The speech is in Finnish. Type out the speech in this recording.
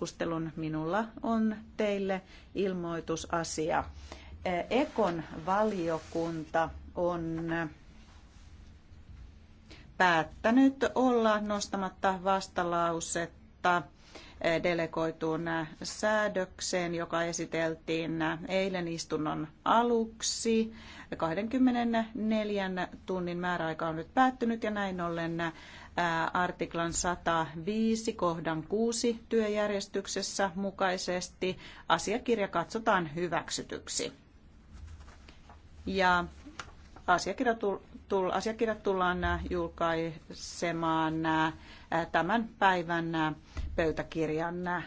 keskustelun. Minulla on teille ilmoitusasia. Ekon valiokunta on päättänyt olla nostamatta vastalauset kautta eh, delegoituun eh, säädökseen, joka esiteltiin eh, eilen istunnon aluksi. 24 tunnin määräaika on nyt päättynyt ja näin ollen artiklan 105 kohdan 6 työjärjestyksessä mukaisesti asiakirja katsotaan hyväksytyksi. Ja Asiakirjat, tull, asiakirjat tullaan äh, julkaisemaan äh, tämän päivän äh, pöytäkirjan